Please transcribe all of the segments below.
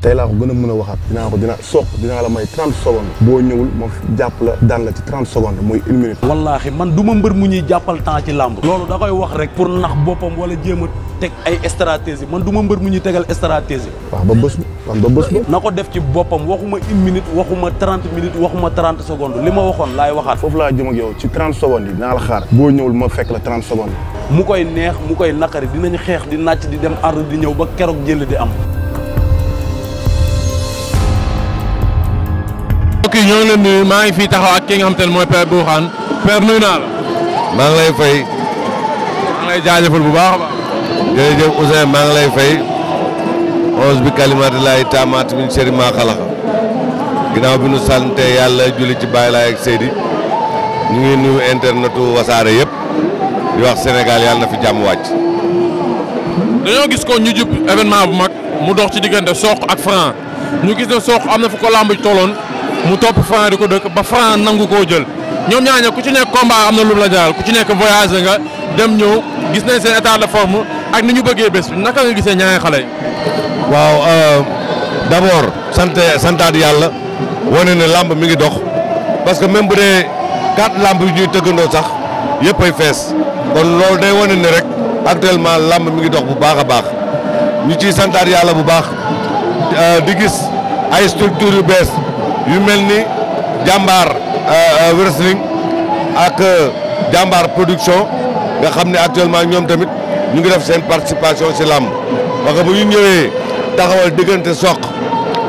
tey laa ko gën a mën a waxaat dinaa ko dina soq dinaa la may 30 secondes boo ñëwul ma jàpp la la ci 30 secondes muy une minute wallaahi man du ma mbër mu ñuy jàppal ci làmb loolu da wax rek pour nax wala jéem teg ay stratégie man du ma mbër mu ñuy tegal stratégie waaw ba bés ba ba bés ba na ko def ci boppam waxuma une minute waxuma 30 minutes waxuma 30 secondes li ma waxoon laay waxaat foofu laa jëm ak yow ci 30 secondes yi dinaa la xaar boo ñëwul ma fekk la 30 secondes mu koy neex mu koy naqari ñu xeex di nàcc di dem ardu di ñëw ba keroog jël di am mbokk ñoo ngi leen maa ngi fi taxaw ak ki nga xam te ne mooy Père Bourkhane Père nuyu naa la. maa ngi lay fay. maa ngi lay bu baax a lay fay. onze bi kalimaati laay taamaat min maa xalaxa ginnaaw bi nu sante yàlla julli ci bàyyi laay ak Seydi ñu ngi nuyu internetu wasaare yëpp di wax Sénégal yàlla na fi jàmm wàcc. dañoo gis ko ñu jub événement bu mag mu dox ci diggante Sokh ak Franc ñu gis ne Sokh am na fu ko làmb tolloon mu topp Franc di ko dëkk ba Franc nangu koo jël ñoom ñaa ña ku ci nekk combat am na lu la jaal ku ci nekk voyagé nga dem ñëw gis nañ seen état de forme ak ni ñu bëggee bés bi naka nga gisee ñaari xale yi. waaw euh, d' abord sant santaat yàlla wane ne làmb mi ngi dox parce que même bu dee quatre làmb yu ñuy tëggandoo sax yëpp ay fees kon loolu day wane ne rek actuellement làmb mu ngi dox bu baax a baax ñu ci santaat yàlla bu baax euh, di gis ay structure yu bees. yu mel ni jàmbaar euh, euh, wrestling ak euh, jàmbaar production nga xam ne actuellement ñoom tamit ñu ngi def seen participation ci làmb parce que bu ñu ñëwee taxawal diggante soq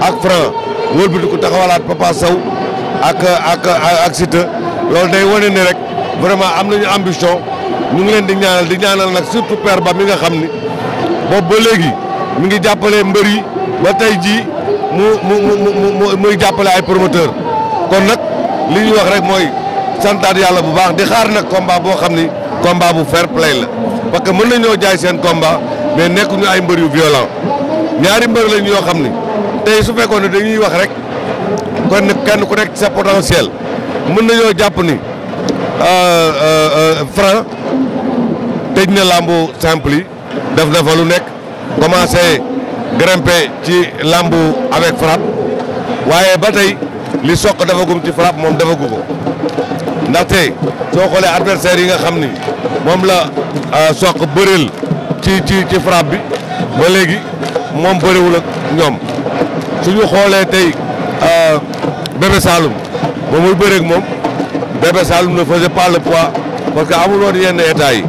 ak franc wëlbati ko taxawalaat Papa Sow ak ak ak Siteu loolu day wane ni rek vraiment am nañu ambition ñu ngi leen di ñaanal di ñaanal nag surtout père ba mi nga xam ni boobu ba léegi mu ngi jàppale mbër yi ba tey jii. mu mu mu mu muy jàppale ay promoteur kon nag li ñuy wax rek mooy santaat yàlla bu baax di xaar nag combat boo xam ni combat bu fair play la parce que mën nañoo jaay seen combat mais nekkuñu ay mbër yu violent ñaari mbër lañ yoo xam ni su fekkoon ne dañuy wax rek kon kenn ku nekk sa potentiel mën nañoo jàpp ni euh, euh, euh, Franc tëj na làmbu simple yi def na fa lu nekk commencé. grimpé ci lambu avec frappe waaye ba tey li soq dafagum ci frappe moom dafagu ko ndaxte soo xoolee adversaire yi nga xam ni moom la euh, soq bëreel ci ci ci frappe bi ba léegi moom bëriwul ak ñoom suñu xoolee tey euh, bébé Saloum ba muy bëreeg moom bébé Saloum ne faisait pas le poids parce que amul woon yenn état yi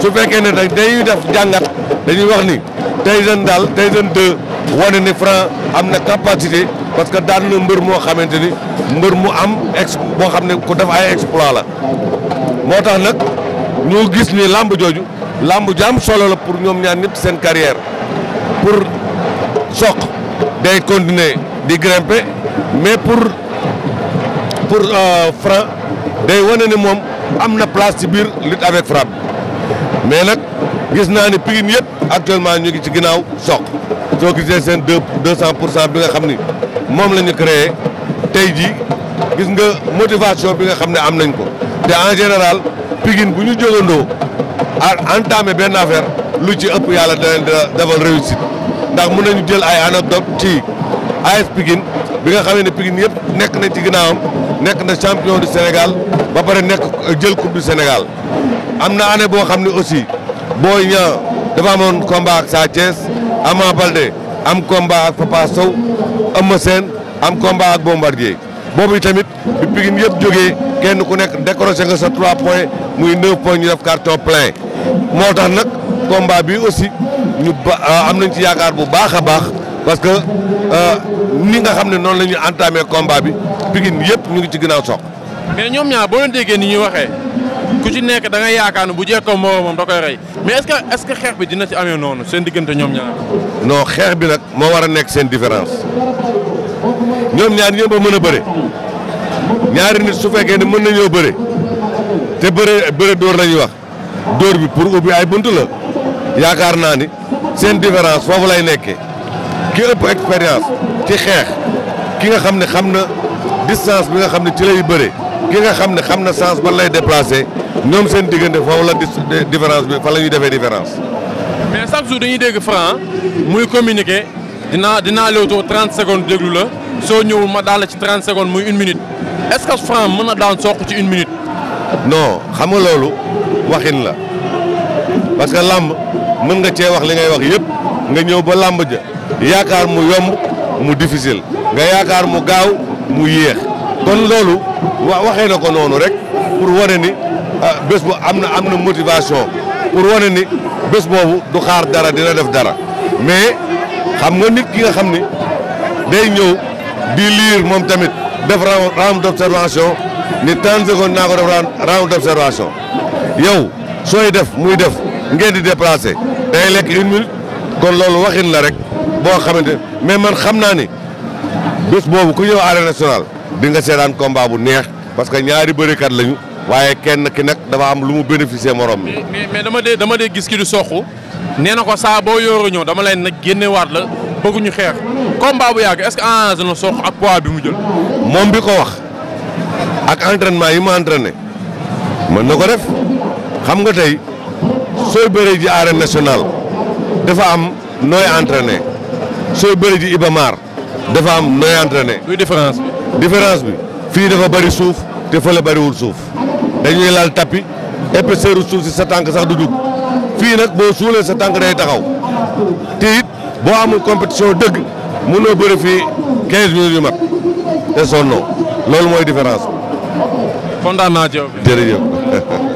su fekkee ne dañuy def jàngat dañuy wax ni. Tyson daal Tyson 2 wone ne Franc am na capacité parce que daan na mbër moo xamante ni mbër mu am ex boo xam ne ku def ay exploit la moo tax nag ñu gis ni làmb jooju làmb ju am solo la pour ñoom ñaan ñëpp seen carrière pour Sokh day continuer di grimper mais pour pour euh, Franc day wane ne moom am na place ci biir lutte avec frappe mais nag gis naa ni Pikine yëpp actuellement ñu ngi ci ginnaaw Sokh soo gisee seen deux deux cent pour cent bi nga xam ni moom la ñu créé tey jii gis nga motivation bi nga xam ne am nañ ko te en général Pikine bu ñu jógandoo à entamé benn affaire lu ci ëpp yàlla da leen defal réussite ndax mun nañu jël ay anecdote ci AS Pikine bi nga xamee ne Pikine yëpp nekk nañ ci ginnaawam nekk na champion du Sénégal ba pare nekk jël coupe du Sénégal am na année boo xam ne aussi. boo Niang dafa amoon combat ak Sa Thiès Ama am combat ak Papa Sow Eumeu am combat ak Bombardier boobu tamit bi Pikine yëpp jóge kenn ku nekk décroché nga sa 3 points muy 9 points ñu def carton plein moo tax nag combat bi aussi ñu euh, am nañ ci yaakaar bu baax a baax parce que euh, ni nga xam ne noonu la ñuy entamé combat bi Pikine yëpp ñu ngi ci ginnaaw soq. mais ñoom ñaar boo leen déggee ni ñuy waxee. ku ci nekk da yaakaar ne bu jekkoo moo da koy rey mais est-ce que est-ce que xeex bi dina ci amee noonu seen diggante ñoom ñaar. non xeex bi nag moo war nekk seen différence ñoom ñaar mën a bëre ñaari nit su fekkee ne mën nañoo bëre te bëre bëre dóor lañuy wax dóor bi pour ubbi ay bunt la yaakaar naa ni seen différence foofu lay nekkee ki ëpp expérience ci xeex ki nga xam ne xam na distance bi nga xam ne ci lay bëre ki nga xam ne xam na sens ban lay déplacer. ñoom seen diggante foofu la différence bi fa la ñuy defee différence. mais chaque jour dañuy dégg Franc muy communiquer dinaa dinaa léewtoo 30 secondes déglu la soo ñëwul ma daal la ci 30 secondes muy une minute est-ce que Franc mën na daan soq ci une minute. non xam nga loolu waxin la parce que làmb mën nga cee wax li ngay wax yëpp nga ñëw ba làmb ja yaakaar mu yomb mu difficile nga yaakaar mu gaaw mu yéex kon loolu wa waxee na ko noonu rek pour wane ni. Ah, bés bu am na am na motivation pour wane ni bés boobu du xaar dara dina def dara mais xam nga nit ki nga xam ni day ñëw di lire moom tamit def round d'observation ni 30 secondes naa ko def round d'observation yow sooy def muy def ngeen di déplacé day lekk une minute kon loolu waxin la rek boo xamante mais man xam naa ni bés boobu ku ñëw arène nationale di nga seetaan combat bu neex parce que ñaari bërikat lañu. waaye kenn ki nag dafa am lu mu bénéficier morom mi. mais dama dee dama dee gis ki di soxu nee na ko saa boo yooru ñëw dama leen nag génne waat la bëgguñu xeex combat bu yàgg est-ce que arrangé na soxu ak poids bi mu jël. moom bi ko wax ak entraînement yi mu entraîné mën na ko def xam nga tey sooy bëree ji arène dafa am nooy entraîné sooy bëree ji Ibamar dafa am nooy entraîné. différence bi. différence bi fii dafa bari suuf te fële bariwul suuf. dañuy laal tapis épaisseur suuf si sa tànk sax du dugg fii nag boo suulee sa tànk day taxaw te it boo amul compétition dëgg mënoo bëri fii 15 minutes yu mat te sonnoo loolu mooy différence bi. kontaan naa